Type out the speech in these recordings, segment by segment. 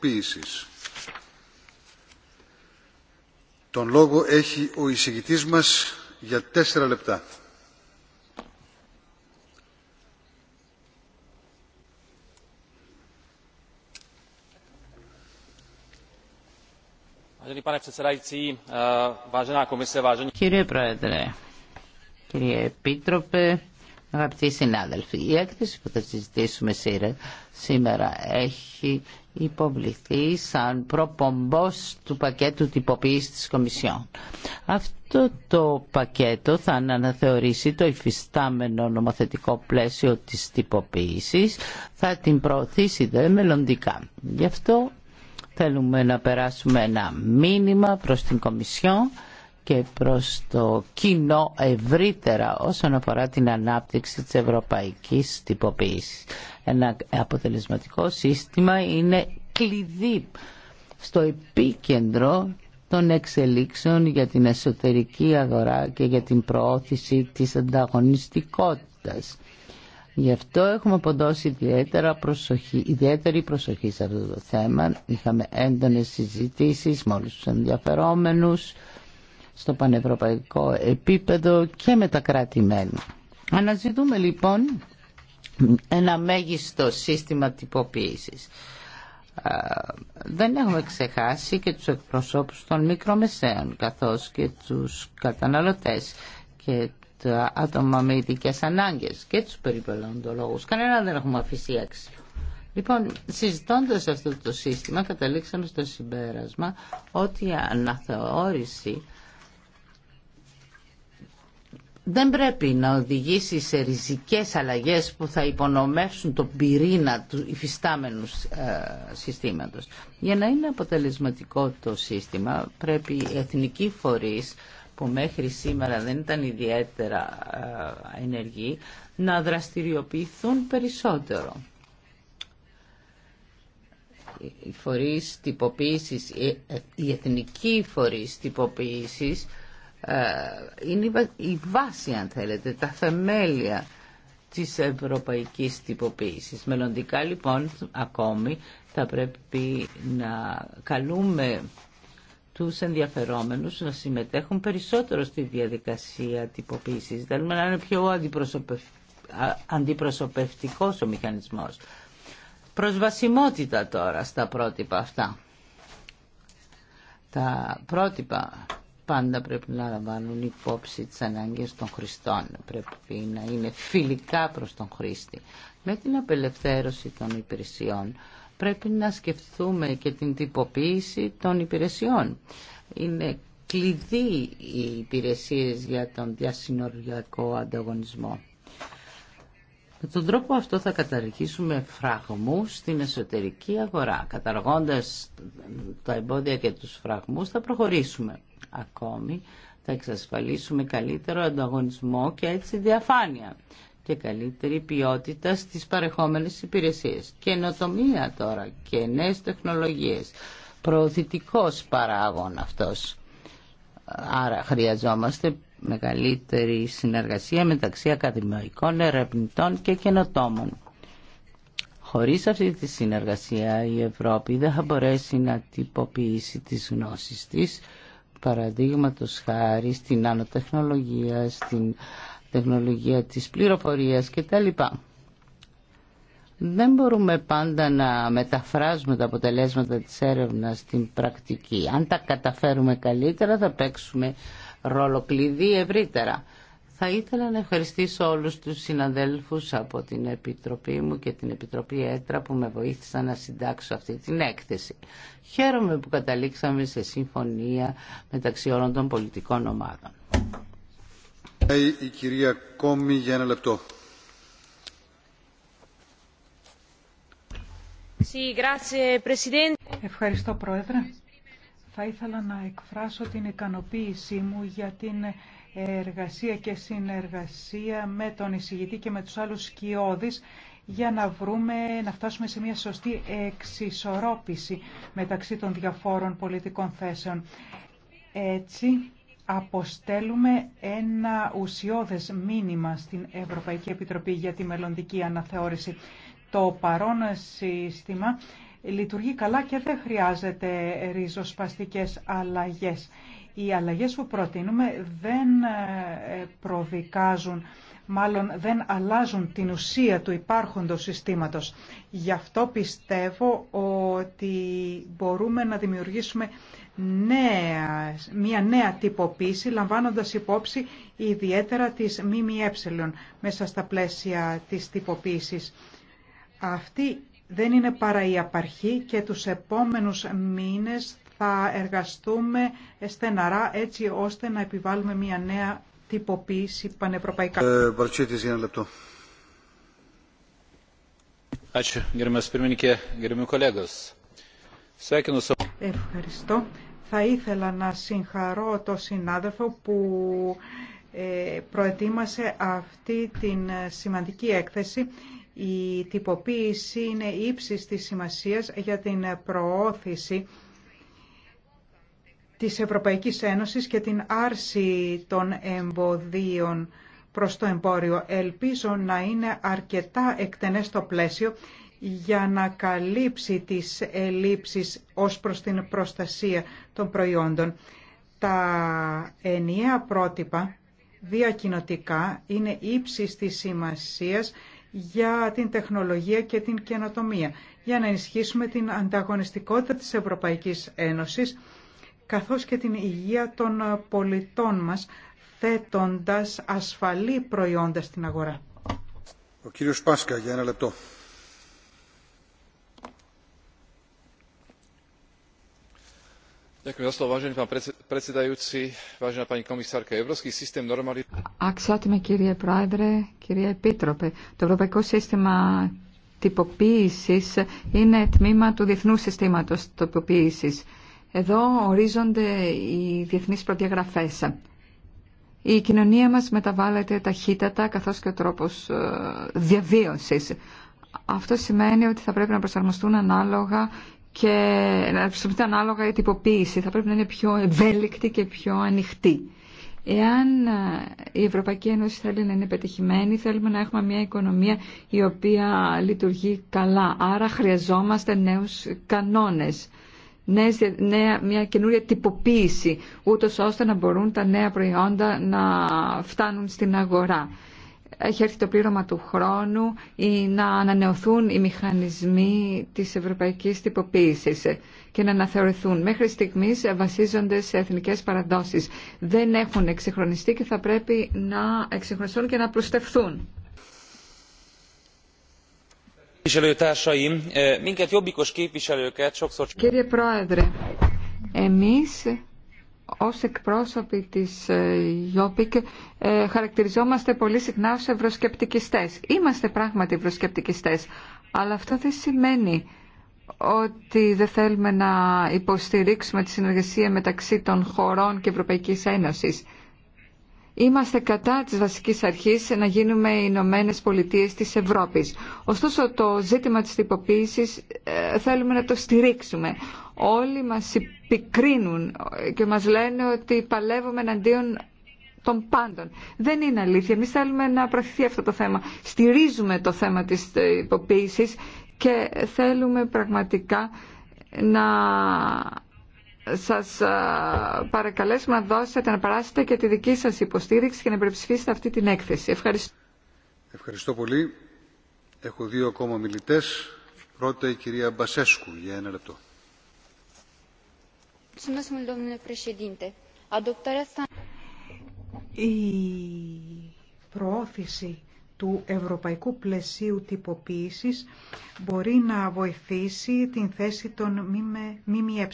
ποίησης. Τον λόγο έχει ο εισηγητής μας για τέσσερα λεπτά. Πάνε Πρεσεράιτσι, Βάζενα Κομίσε, Βάζενα... Κύριε Πρόεδρε, κύριε Επίτροπε, Αγαπητοί συνάδελφοι, η έκθεση που θα συζητήσουμε σήμερα έχει υποβληθεί σαν προπομπός του πακέτου τυποποίησης της Κομισιόν. Αυτό το πακέτο θα αναθεωρήσει το υφιστάμενο νομοθετικό πλαίσιο της τυποποίησης, θα την προωθήσει δε μελλοντικά. Γι' αυτό θέλουμε να περάσουμε ένα μήνυμα προς την Κομισιόν και προς το κοινό ευρύτερα όσον αφορά την ανάπτυξη της ευρωπαϊκής τυποποίησης. Ένα αποτελεσματικό σύστημα είναι κλειδί στο επίκεντρο των εξελίξεων για την εσωτερική αγορά και για την προώθηση της ανταγωνιστικότητας. Γι' αυτό έχουμε αποδώσει ιδιαίτερα προσοχή, ιδιαίτερη προσοχή σε αυτό το θέμα. Είχαμε έντονες συζητήσεις με όλους τους ενδιαφερόμενους στο πανευρωπαϊκό επίπεδο και με τα κράτη-μέλη. Αναζητούμε λοιπόν ένα μέγιστο σύστημα τυποποίησης. Δεν έχουμε ξεχάσει και τους εκπροσώπους των μικρομεσαίων καθώς και τους καταναλωτές και τα άτομα με ειδικέ ανάγκες και τους περιβαλλοντολόγους. Κανένα δεν έχουμε αφησίαξει. Λοιπόν, συζητώντας αυτό το σύστημα καταλήξαμε στο συμπέρασμα ότι η αναθεώρηση δεν πρέπει να οδηγήσει σε ριζικές αλλαγές που θα υπονομεύσουν τον πυρήνα του υφιστάμενου ε, συστήματος. Για να είναι αποτελεσματικό το σύστημα πρέπει οι εθνικοί φορείς που μέχρι σήμερα δεν ήταν ιδιαίτερα ε, ενεργοί να δραστηριοποιηθούν περισσότερο. Οι φορείς τυποποίησης, οι εθνικοί φορείς τυποποίησης ε, είναι η βάση αν θέλετε, τα θεμέλια της ευρωπαϊκής τυποποίησης. Μελλοντικά λοιπόν ακόμη θα πρέπει να καλούμε τους ενδιαφερόμενους να συμμετέχουν περισσότερο στη διαδικασία τυποποίησης. Θέλουμε να είναι πιο αντιπροσωπευ... αντιπροσωπευτικός ο μηχανισμός. Προσβασιμότητα τώρα στα πρότυπα αυτά. Τα πρότυπα πάντα πρέπει να λαμβάνουν υπόψη τις ανάγκες των χρηστών. Πρέπει να είναι φιλικά προς τον χρήστη. Με την απελευθέρωση των υπηρεσιών πρέπει να σκεφτούμε και την τυποποίηση των υπηρεσιών. Είναι κλειδί οι υπηρεσίες για τον διασυνοριακό ανταγωνισμό. Με τον τρόπο αυτό θα καταργήσουμε φραγμούς στην εσωτερική αγορά. Καταργώντας τα εμπόδια και τους φραγμούς θα προχωρήσουμε. Ακόμη θα εξασφαλίσουμε καλύτερο ανταγωνισμό και έτσι διαφάνεια και καλύτερη ποιότητα στις παρεχόμενες υπηρεσίες. Καινοτομία τώρα και νέες τεχνολογίες. Προωθητικός παράγων αυτός. Άρα χρειαζόμαστε μεγαλύτερη συνεργασία μεταξύ ακαδημαϊκών ερευνητών και καινοτόμων. Χωρίς αυτή τη συνεργασία η Ευρώπη δεν θα μπορέσει να τυποποιήσει τις γνώσεις της παραδείγματος χάρη στην ανοτεχνολογία, στην τεχνολογία της πληροφορίας κτλ. Δεν μπορούμε πάντα να μεταφράζουμε τα αποτελέσματα της έρευνας στην πρακτική. Αν τα καταφέρουμε καλύτερα θα παίξουμε ρόλο κλειδί ευρύτερα. Θα ήθελα να ευχαριστήσω όλους τους συναδέλφους από την Επιτροπή μου και την Επιτροπή Έτρα που με βοήθησαν να συντάξω αυτή την έκθεση. Χαίρομαι που καταλήξαμε σε συμφωνία μεταξύ όλων των πολιτικών ομάδων. Ε, η κυρία Κόμη λεπτό. Ευχαριστώ Πρόεδρε. Θα ήθελα να εκφράσω την ικανοποίησή μου για την εργασία και συνεργασία με τον εισηγητή και με τους άλλους σκιώδεις για να βρούμε, να φτάσουμε σε μια σωστή εξισορρόπηση μεταξύ των διαφόρων πολιτικών θέσεων. Έτσι, αποστέλουμε ένα ουσιώδες μήνυμα στην Ευρωπαϊκή Επιτροπή για τη μελλοντική αναθεώρηση. Το παρόν σύστημα λειτουργεί καλά και δεν χρειάζεται ριζοσπαστικές αλλαγές. Οι αλλαγές που προτείνουμε δεν ε, προδικάζουν, μάλλον δεν αλλάζουν την ουσία του υπάρχοντος συστήματος. Γι' αυτό πιστεύω ότι μπορούμε να δημιουργήσουμε νέα, μια νέα τυποποίηση λαμβάνοντας υπόψη ιδιαίτερα της ΜΜΕ μέσα στα πλαίσια της τυποποίησης. Αυτή δεν είναι παρά η απαρχή και τους επόμενους μήνες θα εργαστούμε στεναρά έτσι ώστε να επιβάλλουμε μια νέα τυποποίηση πανευρωπαϊκά. Ε, για ένα λεπτό. Ευχαριστώ. Θα ήθελα να συγχαρώ το συνάδελφο που ε, προετοίμασε αυτή την ε, σημαντική έκθεση η τυποποίηση είναι ύψης της σημασίας για την προώθηση της Ευρωπαϊκής Ένωσης και την άρση των εμποδίων προς το εμπόριο. Ελπίζω να είναι αρκετά εκτενές το πλαίσιο για να καλύψει τις ελλείψεις ως προς την προστασία των προϊόντων. Τα ενιαία πρότυπα διακοινωτικά είναι ύψης της σημασίας για την τεχνολογία και την καινοτομία, για να ενισχύσουμε την ανταγωνιστικότητα της Ευρωπαϊκής Ένωσης, καθώς και την υγεία των πολιτών μας, θέτοντας ασφαλή προϊόντα στην αγορά. Ο κύριος Πάσκα, για ένα λεπτό. Αξιότιμε κύριε Πρόεδρε, κύριε Επίτροπε, το Ευρωπαϊκό Σύστημα Τυποποίησης είναι τμήμα του Διεθνού Συστήματος Τυποποίησης. Εδώ ορίζονται οι διεθνείς προδιαγραφές. Η κοινωνία μας μεταβάλλεται ταχύτατα καθώς και ο τρόπος ε, διαβίωσης. Αυτό σημαίνει ότι θα πρέπει να προσαρμοστούν ανάλογα και να προσαρμοστούν ανάλογα η τυποποίηση. Θα πρέπει να είναι πιο ευέλικτη και πιο ανοιχτή. Εάν ε, η Ευρωπαϊκή Ένωση θέλει να είναι πετυχημένη, θέλουμε να έχουμε μια οικονομία η οποία λειτουργεί καλά. Άρα χρειαζόμαστε νέους κανόνες, μια καινούρια τυποποίηση, ούτως ώστε να μπορούν τα νέα προϊόντα να φτάνουν στην αγορά έχει έρθει το πλήρωμα του χρόνου ή να ανανεωθούν οι μηχανισμοί της ευρωπαϊκής τυποποίησης και να αναθεωρηθούν. Μέχρι στιγμής βασίζονται σε εθνικές παραδόσεις. Δεν έχουν εξυγχρονιστεί και θα πρέπει να εξυγχρονιστούν και να προστευθούν. Eh, Κύριε Πρόεδρε, εμείς ως εκπρόσωποι της ε, ΙΟΠΙΚ ε, χαρακτηριζόμαστε πολύ συχνά ως ευρωσκεπτικιστές. Είμαστε πράγματι ευρωσκεπτικιστές, αλλά αυτό δεν σημαίνει ότι δεν θέλουμε να υποστηρίξουμε τη συνεργασία μεταξύ των χωρών και Ευρωπαϊκής Ένωσης. Είμαστε κατά της βασικής αρχής να γίνουμε οι Ηνωμένε Πολιτείε της Ευρώπης. Ωστόσο το ζήτημα της τυποποίησης ε, θέλουμε να το στηρίξουμε. Όλοι μας επικρίνουν και μας λένε ότι παλεύουμε εναντίον των πάντων. Δεν είναι αλήθεια. Εμεί θέλουμε να προωθηθεί αυτό το θέμα. Στηρίζουμε το θέμα της τυποποίηση και θέλουμε πραγματικά να σας παρακαλέσουμε να δώσετε, να παράσετε και τη δική σας υποστήριξη και να υπερψηφίσετε αυτή την έκθεση. Ευχαριστώ. Ευχαριστώ πολύ. Έχω δύο ακόμα μιλητές. Πρώτα η κυρία Μπασέσκου για ένα λεπτό. Η προώθηση του ευρωπαϊκού πλαισίου τυποποίησης μπορεί να βοηθήσει την θέση των ΜΜΕ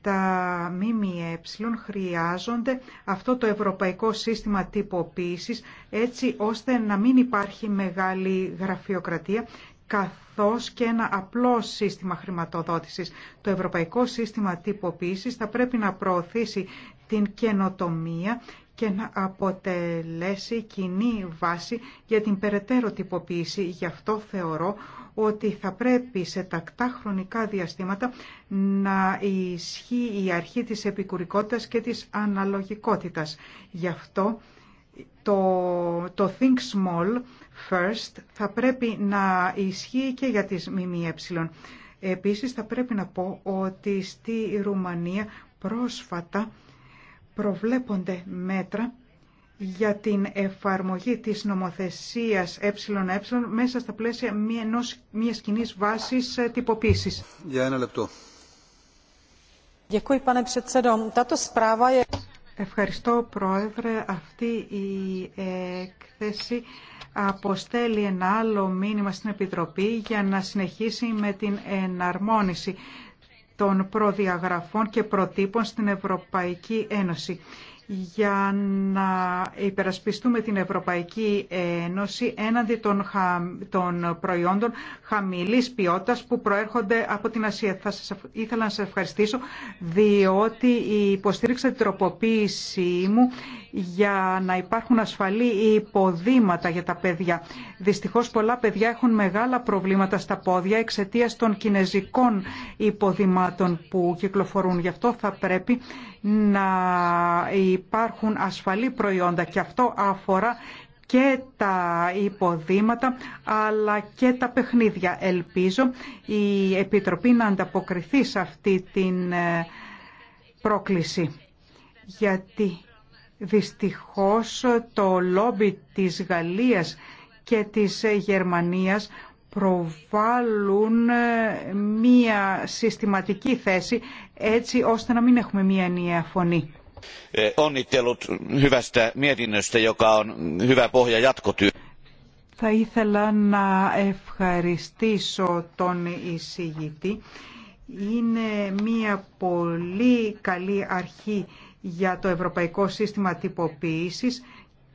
τα ΜΜΕ χρειάζονται αυτό το ευρωπαϊκό σύστημα τυποποίησης έτσι ώστε να μην υπάρχει μεγάλη γραφειοκρατία καθώς και ένα απλό σύστημα χρηματοδότησης. Το Ευρωπαϊκό Σύστημα Τυποποίησης θα πρέπει να προωθήσει την καινοτομία και να αποτελέσει κοινή βάση για την περαιτέρω τυποποίηση. Γι' αυτό θεωρώ ότι θα πρέπει σε τακτά χρονικά διαστήματα να ισχύει η αρχή της επικουρικότητας και της αναλογικότητας. Γι' αυτό το, Think Small First θα πρέπει να ισχύει και για τις ΜΜΕ. Επίσης θα πρέπει να πω ότι στη Ρουμανία πρόσφατα προβλέπονται μέτρα για την εφαρμογή της νομοθεσίας ΕΕ μέσα στα πλαίσια μια κοινή βάση ε, τυποποίησης. Για ένα λεπτό. Ευχαριστώ, Πρόεδρε. Αυτή η έκθεση αποστέλει ένα άλλο μήνυμα στην Επιτροπή για να συνεχίσει με την εναρμόνιση των προδιαγραφών και προτύπων στην Ευρωπαϊκή Ένωση. Για να υπερασπιστούμε την Ευρωπαϊκή Ένωση έναντι των, των προϊόντων χαμηλής ποιότητας που προέρχονται από την Ασία. Θα σας... Ήθελα να σας ευχαριστήσω διότι υποστήριξα την τροποποίησή μου για να υπάρχουν ασφαλή υποδήματα για τα παιδιά. Δυστυχώς πολλά παιδιά έχουν μεγάλα προβλήματα στα πόδια εξαιτίας των κινέζικων υποδημάτων που κυκλοφορούν. Γι' αυτό θα πρέπει να υπάρχουν ασφαλή προϊόντα και αυτό αφορά και τα υποδήματα αλλά και τα παιχνίδια. Ελπίζω η Επιτροπή να ανταποκριθεί σε αυτή την ε, πρόκληση γιατί Δυστυχώς το λόμπι της Γαλλίας και της Γερμανίας προβάλλουν ε, μία συστηματική θέση έτσι ώστε να μην έχουμε μία ενιαία φωνή. Ε, Θα ήθελα να ευχαριστήσω τον εισηγητή. Είναι μία πολύ καλή αρχή για το Ευρωπαϊκό Σύστημα Τυποποίησης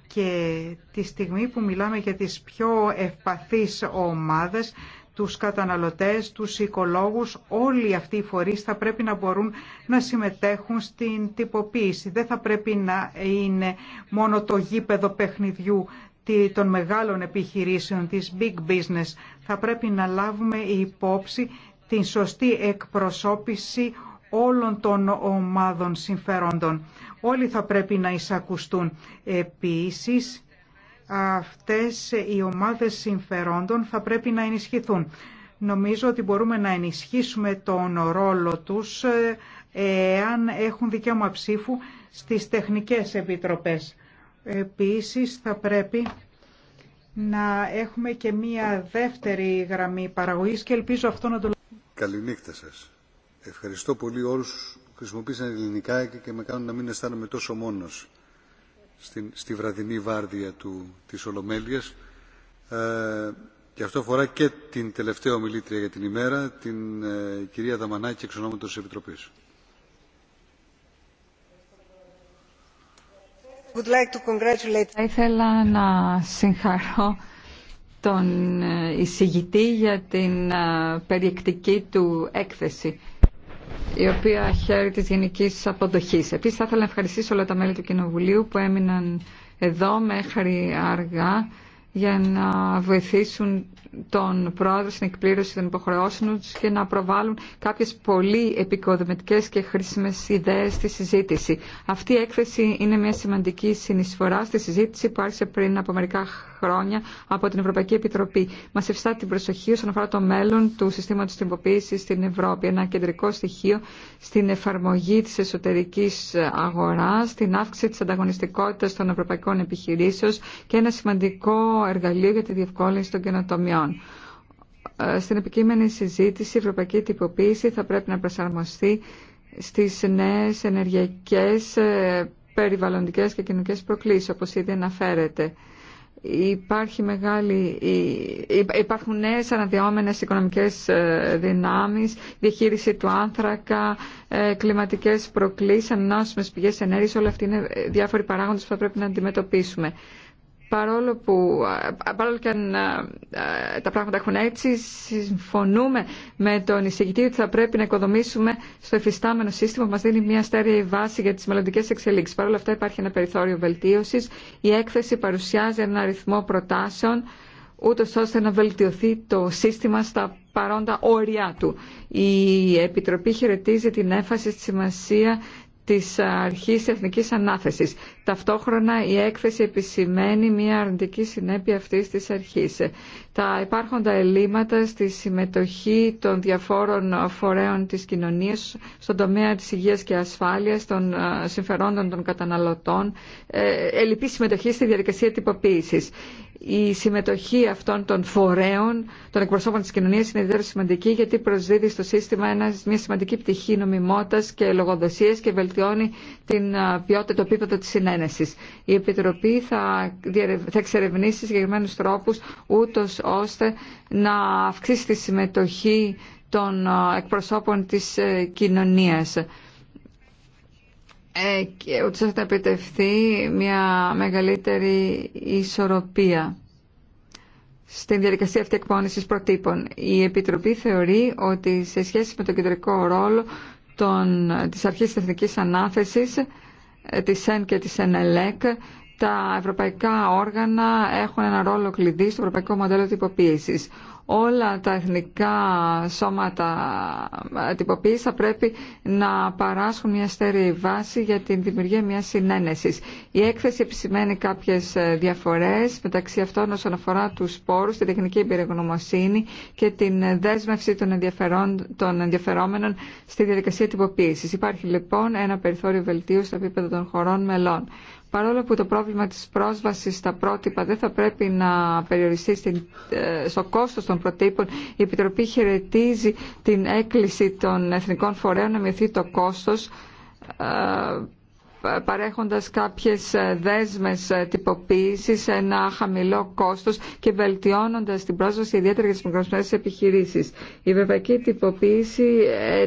και τη στιγμή που μιλάμε για τις πιο ευπαθείς ομάδες, τους καταναλωτές, τους οικολόγους, όλοι αυτοί οι φορείς θα πρέπει να μπορούν να συμμετέχουν στην τυποποίηση. Δεν θα πρέπει να είναι μόνο το γήπεδο παιχνιδιού των μεγάλων επιχειρήσεων, της big business. Θα πρέπει να λάβουμε υπόψη την σωστή εκπροσώπηση όλων των ομάδων συμφερόντων. Όλοι θα πρέπει να εισακουστούν. Επίσης, αυτές οι ομάδες συμφερόντων θα πρέπει να ενισχυθούν. Νομίζω ότι μπορούμε να ενισχύσουμε τον ρόλο τους ε, εάν έχουν δικαίωμα ψήφου στις τεχνικές επιτροπές. Επίσης, θα πρέπει να έχουμε και μία δεύτερη γραμμή παραγωγής και ελπίζω αυτό να το... Καληνύχτα σας. Ευχαριστώ πολύ όλους που χρησιμοποίησαν ελληνικά και, και με κάνουν να μην αισθάνομαι τόσο μόνος στην, στη βραδινή βάρδια του, της Ολομέλειας. Ε, και αυτό αφορά και την τελευταία ομιλήτρια για την ημέρα, την ε, κυρία Δαμανάκη, εξ ονόματος της Επιτροπής. like to Θα ήθελα να συγχαρώ τον ε, εισηγητή για την ε, περιεκτική του έκθεση η οποία χαίρει της γενικής αποδοχής. Επίσης θα ήθελα να ευχαριστήσω όλα τα μέλη του Κοινοβουλίου που έμειναν εδώ μέχρι αργά για να βοηθήσουν τον πρόεδρο στην εκπλήρωση των υποχρεώσεων του και να προβάλλουν κάποιε πολύ επικοδομητικέ και χρήσιμε ιδέε στη συζήτηση. Αυτή η έκθεση είναι μια σημαντική συνεισφορά στη συζήτηση που άρχισε πριν από μερικά χρόνια από την Ευρωπαϊκή Επιτροπή. Μα ευστά την προσοχή όσον αφορά το μέλλον του συστήματο τυποποίηση στην Ευρώπη, ένα κεντρικό στοιχείο στην εφαρμογή τη εσωτερική αγορά, στην αύξηση τη ανταγωνιστικότητα των ευρωπαϊκών επιχειρήσεων και ένα σημαντικό εργαλείο για τη διευκόλυνση των καινοτομιών. Ε, στην επικείμενη συζήτηση η ευρωπαϊκή τυποποίηση θα πρέπει να προσαρμοστεί στις νέες ενεργειακές, ε, περιβαλλοντικές και κοινωνικές προκλήσεις, όπως ήδη αναφέρεται. Υπάρχει μεγάλη, υπάρχουν νέες αναδυόμενες οικονομικές ε, δυνάμεις, διαχείριση του άνθρακα, κλιματικές προκλήσεις, ανανεώσιμες πηγές ενέργειας, όλα αυτά είναι διάφοροι παράγοντες που θα πρέπει να αντιμετωπίσουμε παρόλο που παρόλο και αν τα πράγματα έχουν έτσι συμφωνούμε με τον εισηγητή ότι θα πρέπει να οικοδομήσουμε στο εφιστάμενο σύστημα που μας δίνει μια στέρεη βάση για τις μελλοντικέ εξελίξεις. Παρόλο αυτά υπάρχει ένα περιθώριο βελτίωσης. Η έκθεση παρουσιάζει ένα αριθμό προτάσεων ούτως ώστε να βελτιωθεί το σύστημα στα παρόντα όρια του. Η Επιτροπή χαιρετίζει την έφαση στη σημασία της αρχής εθνικής ανάθεσης. Ταυτόχρονα η έκθεση επισημαίνει μια αρνητική συνέπεια αυτής της αρχής. Τα υπάρχοντα ελλείμματα στη συμμετοχή των διαφόρων φορέων της κοινωνίας στον τομέα της υγείας και ασφάλειας, των ε, συμφερόντων των καταναλωτών, ε, ελλειπή συμμετοχή στη διαδικασία τυποποίησης. Η συμμετοχή αυτών των φορέων, των εκπροσώπων της κοινωνίας είναι ιδιαίτερα σημαντική γιατί προσδίδει στο σύστημα μια σημαντική πτυχή νομιμότητα και λογοδοσίας και βελτιώνει την ποιότητα, το επίπεδο της συνένεσης. Η Επιτροπή θα, θα εξερευνήσει συγκεκριμένου τρόπους ούτως ώστε να αυξήσει τη συμμετοχή των εκπροσώπων της ε, κοινωνίας ε, και ούτως ώστε να επιτευχθεί μια μεγαλύτερη ισορροπία στην διαδικασία αυτή εκπόνησης προτύπων. Η Επιτροπή θεωρεί ότι σε σχέση με τον κεντρικό ρόλο των, της Αρχής της Εθνικής Ανάθεσης, ε, της ΕΝ και της ΕΝΕΛΕΚ, τα ευρωπαϊκά όργανα έχουν ένα ρόλο κλειδί στο ευρωπαϊκό μοντέλο τυποποίησης όλα τα εθνικά σώματα τυποποίηση θα πρέπει να παράσχουν μια στέρεη βάση για την δημιουργία μιας συνένεσης. Η έκθεση επισημαίνει κάποιες ε, διαφορές μεταξύ αυτών όσον αφορά τους σπόρους, την τεχνική εμπειρογνωμοσύνη και την δέσμευση των, των ενδιαφερόμενων στη διαδικασία τυποποίησης. Υπάρχει λοιπόν ένα περιθώριο βελτίωση στα επίπεδα των χωρών μελών. Παρόλο που το πρόβλημα της πρόσβασης στα πρότυπα δεν θα πρέπει να περιοριστεί ε, στο κόστος των προτύπων, η Επιτροπή χαιρετίζει την έκκληση των εθνικών φορέων να μειωθεί το κόστος ε, παρέχοντας κάποιες ε, δέσμες ε, τυποποίησης σε ένα χαμηλό κόστος και βελτιώνοντας την πρόσβαση ιδιαίτερα για τις μικρομεσαίες επιχειρήσεις. Η βεβαική τυποποίηση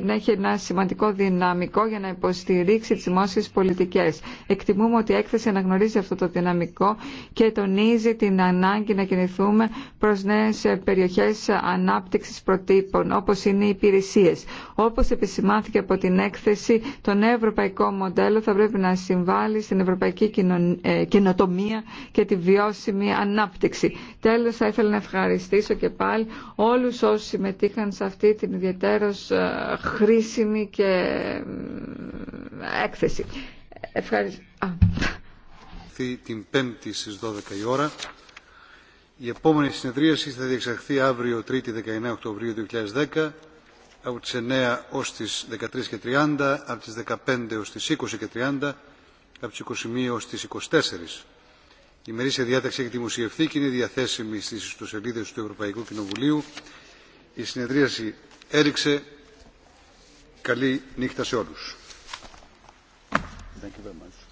ε, έχει ένα σημαντικό δυναμικό για να υποστηρίξει τις δημόσιε πολιτικές. Εκτιμούμε ότι η έκθεση αναγνωρίζει αυτό το δυναμικό και τονίζει την ανάγκη να κινηθούμε προς νέες περιοχές ανάπτυξης προτύπων όπως είναι οι υπηρεσίες. Όπως επισημάθηκε από την έκθεση, το νέο ευρωπαϊκό μοντέλο θα πρέπει να να συμβάλλει στην ευρωπαϊκή ε, καινοτομία και τη βιώσιμη ανάπτυξη. Τέλος, θα ήθελα να ευχαριστήσω και πάλι όλους όσους συμμετείχαν σε αυτή την ιδιαίτερως ε, χρήσιμη και ε, έκθεση. Ευχαριστώ. Την πέμπτη στις 12 η ώρα. Η επόμενη συνεδρίαση θα διεξαχθεί αύριο 3η 19 Οκτωβρίου 2010 από τις 9 ως τις 30, από τις 15 ως τις 30, από τις 21 ως τις 24. Η μερίσια διάταξη έχει δημοσιευθεί και είναι διαθέσιμη στις ιστοσελίδες του Ευρωπαϊκού Κοινοβουλίου. Η συνεδρίαση έριξε. Καλή νύχτα σε όλους. Thank you